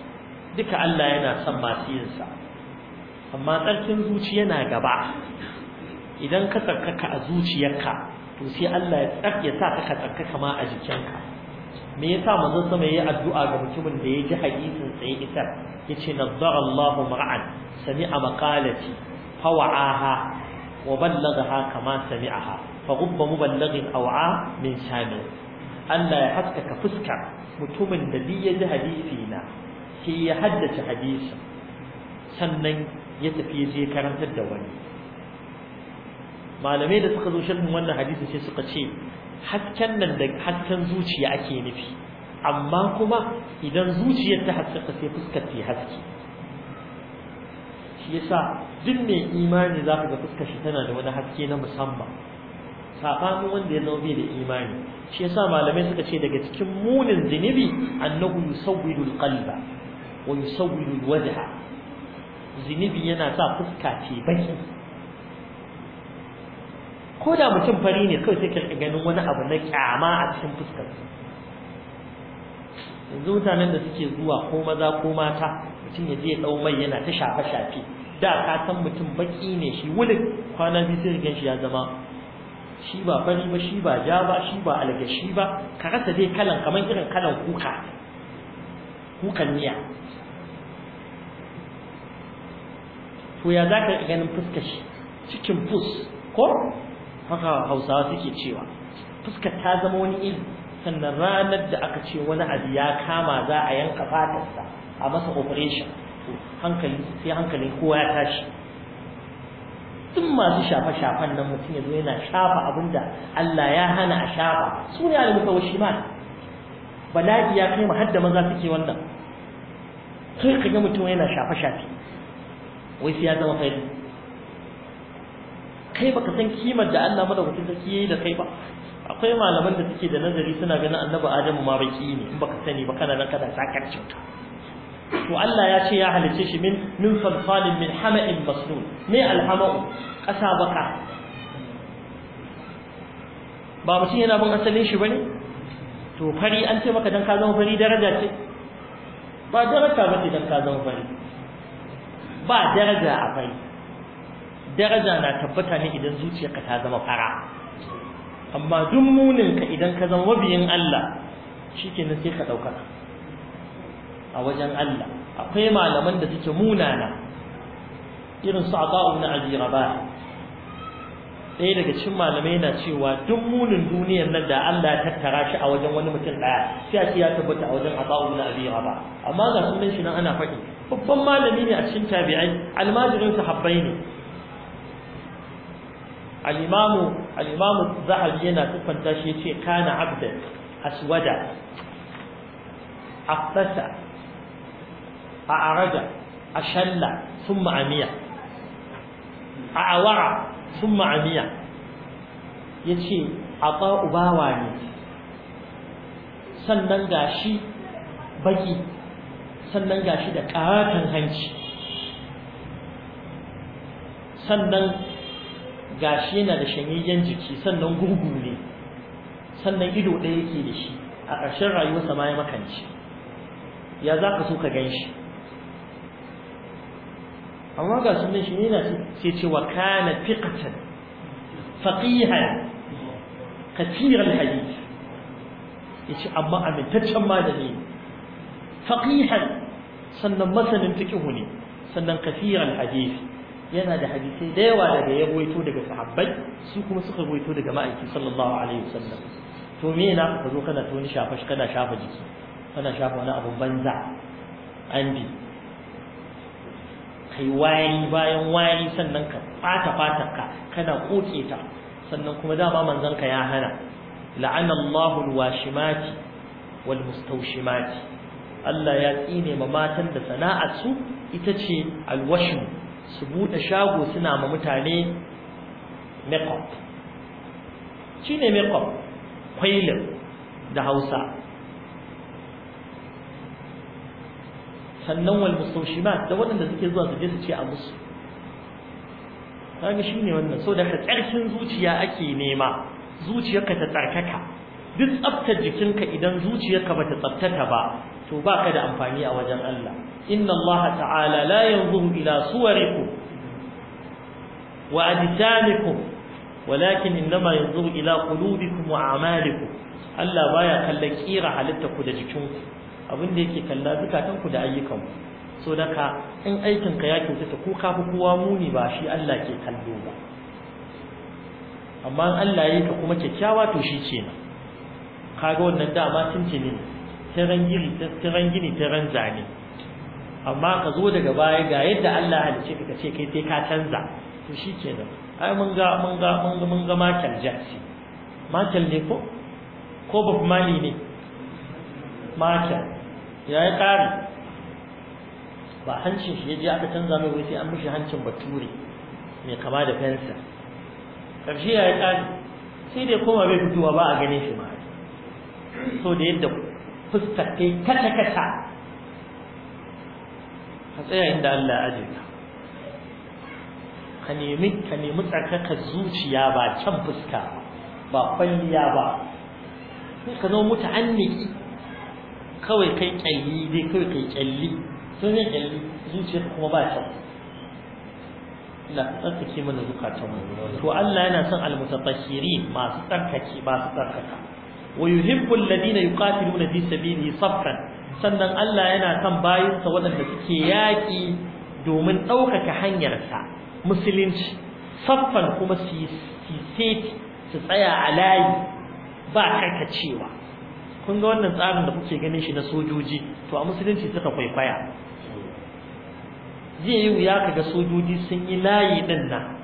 S2: duka Allah yana son masu yin sa amma tsarkin zuci yana gaba idan ka tsarkaka a zuciyarka to sai Allah ya sa ka tsarkaka ma a jikinka me yasa manzon sama yayi addu'a ga mutumin da ya ji hadisin sai ita yace nazzara Allahu mar'an sami'a maqalati fawa'aha وبلغها كما سمعها فغب مبلغ min من Allah ya haskaka fuskar. mutumin da bi ya ji hadisi na sai ya haddace hadisi sannan ya tafi je karantar da wani malamai da suka zo sharhin wannan hadisi sai suka ce hasken nan da hasken zuciya ake nufi amma kuma idan zuciyar ta haskaka sai fuskar ta haske shi yasa duk mai imani zaka ga fuskar shi tana da wani haske na musamman saɓanin wanda ya zama bai da imani shi yasa malamai suka ce daga cikin munin zinubi annahu yusawwidu alqalba wa yusawwidu alwajha zinubi yana sa fuska ce baki ko da mutum fari ne kai sai ka ganin wani abu na kyama a cikin fuskar yanzu mutanen da suke zuwa ko maza ko mata mutum ya je dau mai yana ta shafe shafe da ka san mutum baki ne shi wulin kwana biyu sai gan shi ya zama shi ba fari ba shi ba ja ba shi ba algashi ba ka rasa dai kalan kamar irin kalan kuka kukan miya to ya zaka ganin fuskar shi cikin fus ko haka hausawa suke cewa fuskar ta zama wani iri sannan ranar da aka ce wani abu ya kama za a yanka fatarsa a masa operation to hankali sai hankali kowa ya tashi duk masu shafe-shafen nan mutum ya zo yana shafa abin da Allah ya hana a shafa su ne al-mutawashimat bala'i ya kai hadda maza suke wannan sai ka ga mutum yana shafe-shafe wai sai ya zama fari kai baka san kimar da Allah madaukakin sarki yayi da kai ba akwai malaman da suke da nazari suna ganin annabi Adamu ma baki ne in baka sani ba kana nan kana sakar cuta to Allah ya ce ya halice shi min min salsalin min hama'in masnun me alhama'u ƙasa ka. ba mutum yana bin asalin shi bane to fari an ce maka dan ka zama fari daraja ce ba daraja ba ce dan ka zama fari ba daraja a fari daraja na tabbata ne idan zuciyarka ta zama fara amma duk ka idan ka zama wabiyin Allah shikenan sai ka dauka a wajen Allah akwai malaman da suke munana irin su Ata ibn Abi Rabah ɗaya daga cikin malamai yana cewa duk munin duniyar nan da Allah ya tattara shi a wajen wani mutum ɗaya sai a ce ya tabbata a wajen Abu na Abi ba, amma ga sunan shi nan ana faɗi babban malami ne a cikin tabi'ai almajirin sahabbai ne al-Imam al-Imam Zahabi yana tuffanta shi yace kana abdan aswada afasa a'araja ashalla thumma amiya a'awara sun ma'amiya ya ce a ubawa ne sannan ga shi baki sannan ga da ƙaratan hanci sannan gashi shi yana da shanyayyen jiki sannan gurgu ne sannan ido ɗaya yake da shi a ƙarshen rayuwarsa ma ya makanci ya za ka so ka gan shi amma ga sunan shi ne na sai ce wa kana fiqatan faqihan kathir alhadith yace amma amintaccen malami faqihan sannan masanin fiqhu ne sannan kathir alhadith yana da hadisai da yawa daga ya goyito daga sahabbai su kuma suka goyito daga ma'aiki sallallahu alaihi wasallam to me na ka zo kana to ni shafa kana shafa jiki kana shafa wani abun banza an kai wayayi bayan wari sannan ka fata fatarka kana koke ta sannan kuma dama manzon ka ya hana la'ana Allahu alwashimati walmustawshimati Allah ya tsine ma matan da sana'ar su ita ce alwashim su bude shago suna ma mutane makeup shine makeup kwailin da Hausa sannan wal mustawshimat da waɗanda suke zuwa su je su ce a musu kaga shine wannan so da tsarkin zuciya ake nema zuciyarka ta tsarkaka duk tsaftar jikinka idan zuciyarka bata tsaftata ba to baka da amfani a wajen Allah inna Allah ta'ala la yanzuru ila suwarikum wa ajsamikum walakin innama yanzuru ila qulubikum wa a'malikum Allah baya kallon kira halittarku da jikinku abin da yake kalla zukatanku da ayyukanku so daga in aikinka ya kyautata ko ka fi kowa muni ba shi Allah ke kallo ba amma in Allah ya yi ka kuma kyakkyawa to shi kenan kaga wannan dama tuntuni tiran gini tiran gini tiran zane amma ka zo daga baya ga yadda Allah halice ka ce kai sai ka canza to shi kenan ai mun ga mun ga mun ga mun ga Michael Jackson Michael ne ko ko Bob Marley ne Michael ya yi ƙari ba hancin shi ya je aka canza mai wai sai an mishi hancin bature mai kama da fensa ƙarshe ya yi ƙari sai dai koma bai fitowa ba a gane shi ma so da yadda fuskar ta yi kata-kata ka tsaya inda Allah ya ajiye ka ka nemi ka nemi tsarkaka zuciya ba can fuska ba kwalliya ba sai ka zo muta'anniki kawai kai kyalli dai kawai kai kyalli sun zai kyalli zuciyar kuma ba kyau la tsarkake mana zukatan mu to Allah yana son almutatahhirin masu tsarkake masu tsarkaka wa yuhibbu alladhina yuqatiluna fi sabilihi saffan sannan Allah yana son bayinsa waɗanda suke yaƙi domin ɗaukaka hanyarsa musulunci saffan kuma su su tsaya a layi ba karkacewa kun ga wannan tsarin da kuke ganin shi na sojoji to a musulunci suka kwaikwaya zai yi wuya kaga sojoji sun yi layi din nan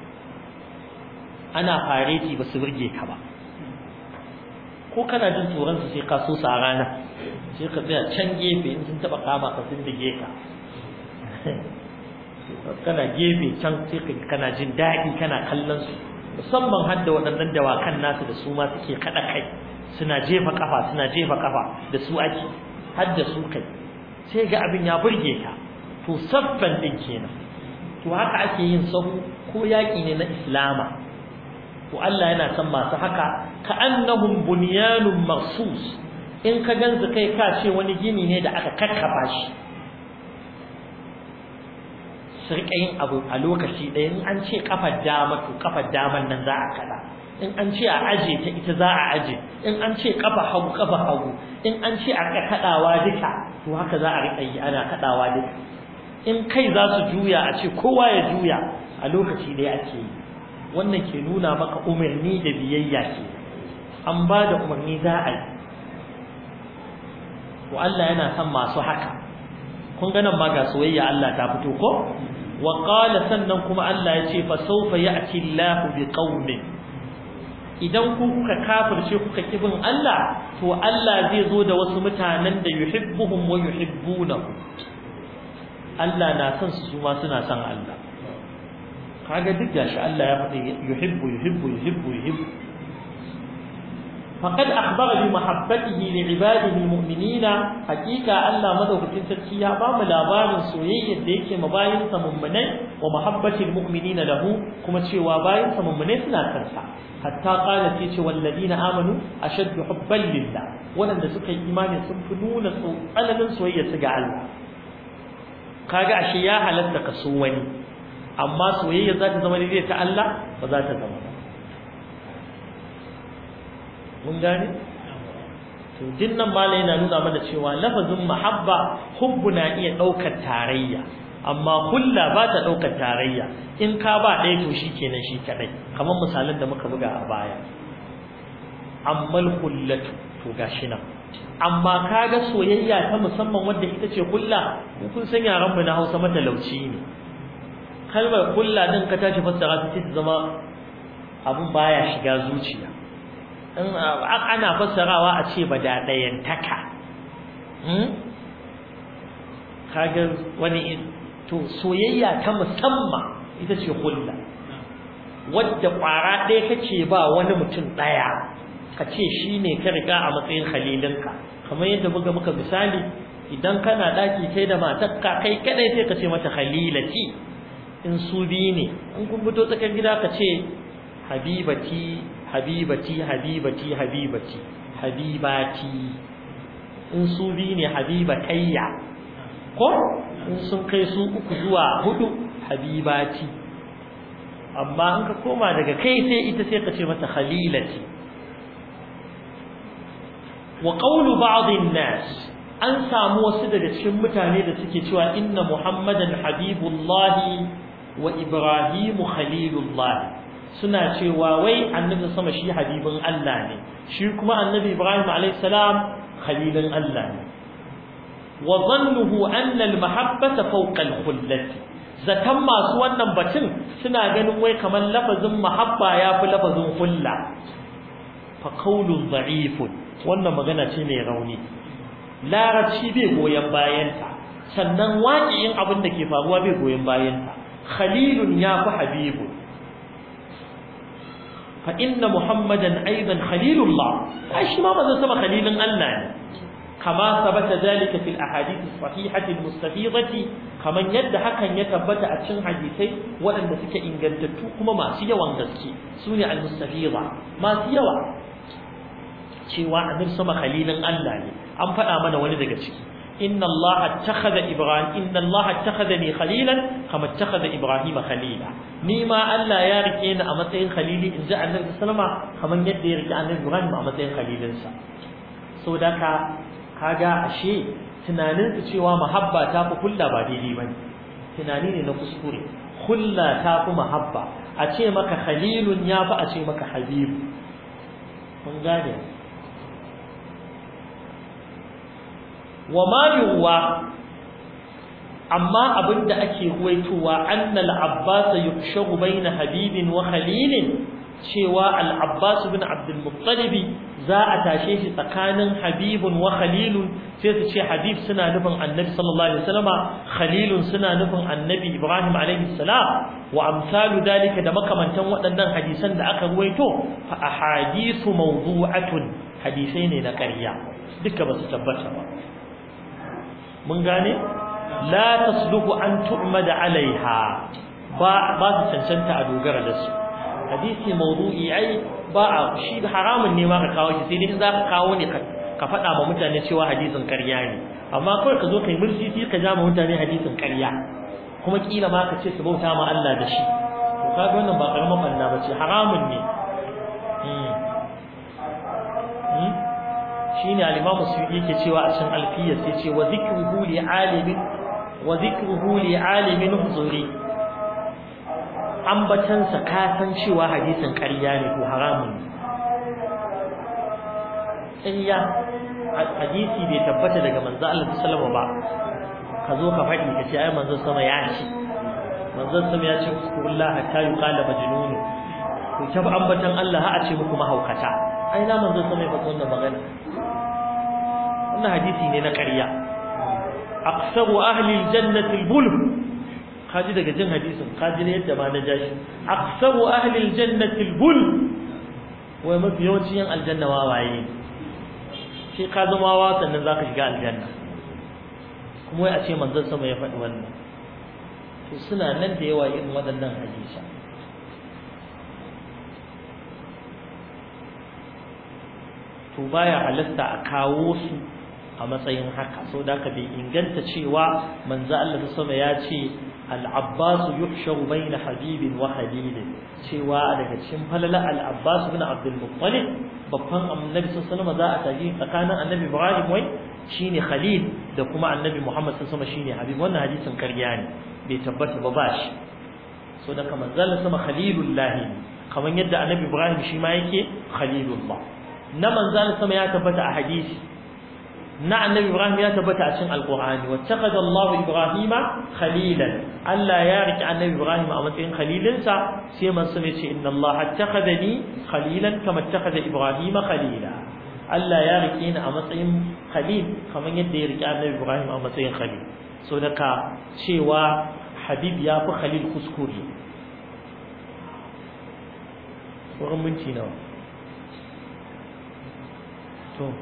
S2: ana fareti ba su burge ka ba ko kana jin tsoron su sai ka so su a rana sai ka tsaya can gefe in sun taba kama ka sun dige ka
S1: kana
S2: gefe can sai ka kana jin daɗi kana kallon su musamman hadda waɗannan dawakan nasu da su ma suke kaɗa kai suna jefa kafa suna jefa kafa da su ake har da su kai sai ga abin ya burge ka to saffan din kenan to haka ake yin sahu ko yaƙi ne na islama to Allah yana san masu haka ka annahum bunyanun marsus in ka ganzu kai ka ce wani gini ne da aka kakkafa shi su yin abu a lokaci ɗaya in an ce kafar dama to kafar daman nan za a kada in an ce a aje ta ita za a aje in an ce kafa hagu kafa hagu in an ce a kaɗawa duka to haka za a riƙa yi ana kaɗawa duka in kai za su juya a ce kowa ya juya a lokaci ɗaya ake yi wannan ke nuna maka umarni da biyayya ke an ba da umarni za a yi to Allah yana son masu haka kun ga nan ma ga soyayya Allah ta fito ko wa qala sannan kuma Allah ya ce fa sawfa ya'ti Allahu bi qaumin idan ku kuka kafirce kuka kibin Allah to Allah zai zo da wasu mutanen da yuhibbuhum wa yuhibbunahu Allah na son su su ma suna son Allah kaga duk gashi Allah ya faɗi yuhibbu yuhibbu yuhibbu yuhibbu faqad akhbara bi mahabbatihi li ibadihi almu'minina hakika Allah madaukakin sarki ya ba mu labarin soyayyar da yake mabayinsa mummunai wa mahabbatil mu'minina lahu kuma cewa bayan sa mummune suna san hatta qala sai ce walladina amanu ashaddu hubban lillah wanda suka yi imani sun fi nuna tsananin soyayya su ga Allah kaga ashe ya halatta ka so wani amma soyayya za ta zama ne ta Allah ba za ta zama ba mun gane to dinnan malai yana nuna mana cewa lafazin mahabba hubbu na iya daukar tarayya amma kulla ba ta ɗaukar tarayya in ka ba ɗaya to shi kenan shi kaɗai kamar misalin da muka buga a baya ammal kullatu to gashi nan amma ka ga soyayya ta musamman wadda ita ce kulla kun san yaran mu na Hausa mata lauci ne kalmar kulla din ka tashi fassara ta zama abun baya shiga zuciya in ana fassarawa a ce ba da ɗayantaka hmm? kaga wani to soyayya ta musamman ita ce hulla wadda ƙwara ɗaya kace ba wani mutum ɗaya ka ce shi ne ka riga a matsayin khalilinka kamar yadda muka muka misali idan kana ɗaki kai da matarka kai kadai sai ka ce mata halilati in su biyu ne in kun fito tsakar gida ka ce habibati habibati habibati habibati habibati in su biyu ne habibatayya ko in sun kai su uku zuwa hudu habibati amma in ka koma daga kai sai ita sai ka ce mata khalilati wa qawlu ba'd an-nas an samu wasu daga cikin mutane da suke cewa inna muhammadan habibullahi wa ibrahimu khalilullahi suna cewa wai annabi sama shi habibin Allah ne shi kuma annabi Ibrahim alayhi salam khalilin Allah ne وظنه أن المحبة فوق الخلة zakan masu wannan batun suna ganin wai kamar lafazin mahabba ya fi lafazin hulla fa qawlun da'ifun wannan magana ce mai rauni larabci bai goyon bayanta sannan waƙiyin abin da ke faruwa bai goyon bayanta khalilun ya fi habibu fa inna muhammadan aidan khalilullah ai shi ma bazan sama khalilin Allah ne kama sabata zalika fil ahadith sahihati mustafidati kaman yadda hakan ya tabbata a cikin hadisai waɗanda suke ingantattu kuma masu yawan gaske sune al mustafida masu yawa cewa annabi sama khalilin Allah ne an faɗa mana wani daga ciki inna Allah attakhadha ibrahim inna Allah attakhadhani khalilan kama attakhadha ibrahim khalila ni ma Allah ya rike ni a matsayin khalili in ji annabi sallama kaman yadda ya rike annabi ibrahim a matsayin khalilinsa saboda ka kaga ashe tunanin su cewa mahabba ta fi kulla ba daidai ba ne tunani ne na kuskure kulla ta fi mahabba a ce maka khalilun ya fi a ce maka habibu kun gane wa ma yuwa amma abinda ake ruwaitowa annal abbas yukshagu baina habibin wa khalilin cewa al-Abbas ibn Abdul Muttalib za a tashe shi tsakanin Habibun wa Khalilun sai su ce Habib suna nufin Annabi sallallahu alaihi wasallama Khalilun suna nufin Annabi Ibrahim alaihi salam wa amsalu dalika da makamantan waɗannan hadisan da aka ruwaito fa ahadithu mawdu'atun hadisai ne na ƙarya duka ba su tabbata ba mun gane la tasduqu an tu'mada alaiha ba ba su cancanta a dogara da su hadisi mawdu'i ai ba a shi haramun ne ma ka kawo shi sai dai in za ka kawo ne ka faɗa ma mutane cewa hadisin ƙarya ne amma kawai ka zo kai mursi sai ka ja ma mutane hadisin ƙarya kuma kila ma ka ce su bauta ma Allah da shi to kaga wannan ba karamar banda ce, haramun ne
S1: hmm. hmm. shine al-Imam yake cewa a cikin alfiyar sai ce wa zikruhu li
S2: alimin wa li alimin huzuri
S1: ambatansa ka san cewa hadisin ƙarya ne ko haramun ne ƙarya hadisi bai tabbata daga manzo Allah sallallahu ba ka zo ka faɗi ka ce ai manzo sama ya ce manzo sama ya ce
S2: kullahu hatta yuqala majnun Ko ta ambatan Allah ha a ce muku mahaukata ai na manzo sama ya faɗi magana wannan hadisi ne na ƙarya أكثر أهل الجنة البلد kaji daga jin hadisin kaji ne yadda ma na shi aksaru ahli aljannati albul wai mafi yawanci yin aljanna wawaye sai ka zama wa sannan zaka shiga aljanna kuma wai a ce manzon sama ya faɗi wannan to suna nan da yawa irin waɗannan hadisa to baya halatta a kawo su a matsayin haka sau da ka bai inganta cewa manzo Allah sama ya ce Al'abbasu العباس يحشر بين حبيب وخليل cewa daga cikin falala Al'abbasu bin ibn Abdul Muttalib babban annabi sallallahu alaihi wasallam za a taji tsakanin annabi Ibrahim wai shi ne Khalil da kuma annabi Muhammad sallallahu alaihi wasallam shine Habib wannan hadisin karya ne bai tabbata ba ba shi so da kamar zalla sama Khalilullahi kamar yadda annabi Ibrahim shi ma yake ba. na manzon sama ya tabbata a hadisi na annabi Ibrahim ya tabbata a cikin Alƙur'ani wattaqada Allah Ibrahim khalilan Allah ya riki annabi Ibrahim a matsayin khalilinsa sai manzo ne ce inna Allah ni khalilan kama ittakhadha Ibrahim khalila Allah ya riki ni a matsayin khalil kamar yadda ya riki annabi Ibrahim a matsayin khalil so daga cewa Habib ya fi khalil kuskure wurin minti nawa to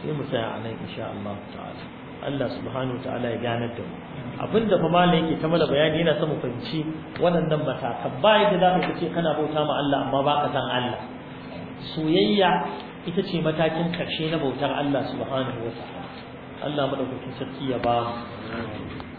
S2: sai mu tsaya anan insha Allah ta'ala Allah subhanahu wa ta'ala ya ganar da mu abinda fa malam yake ta mala bayani yana son mu fahimci waɗannan matakan ba yadda za ka ce kana bauta ma Allah amma ba ka san Allah soyayya ita ce matakin karshe na bautar Allah subhanahu wa ta'ala Allah madaukakin sarki ya ba mu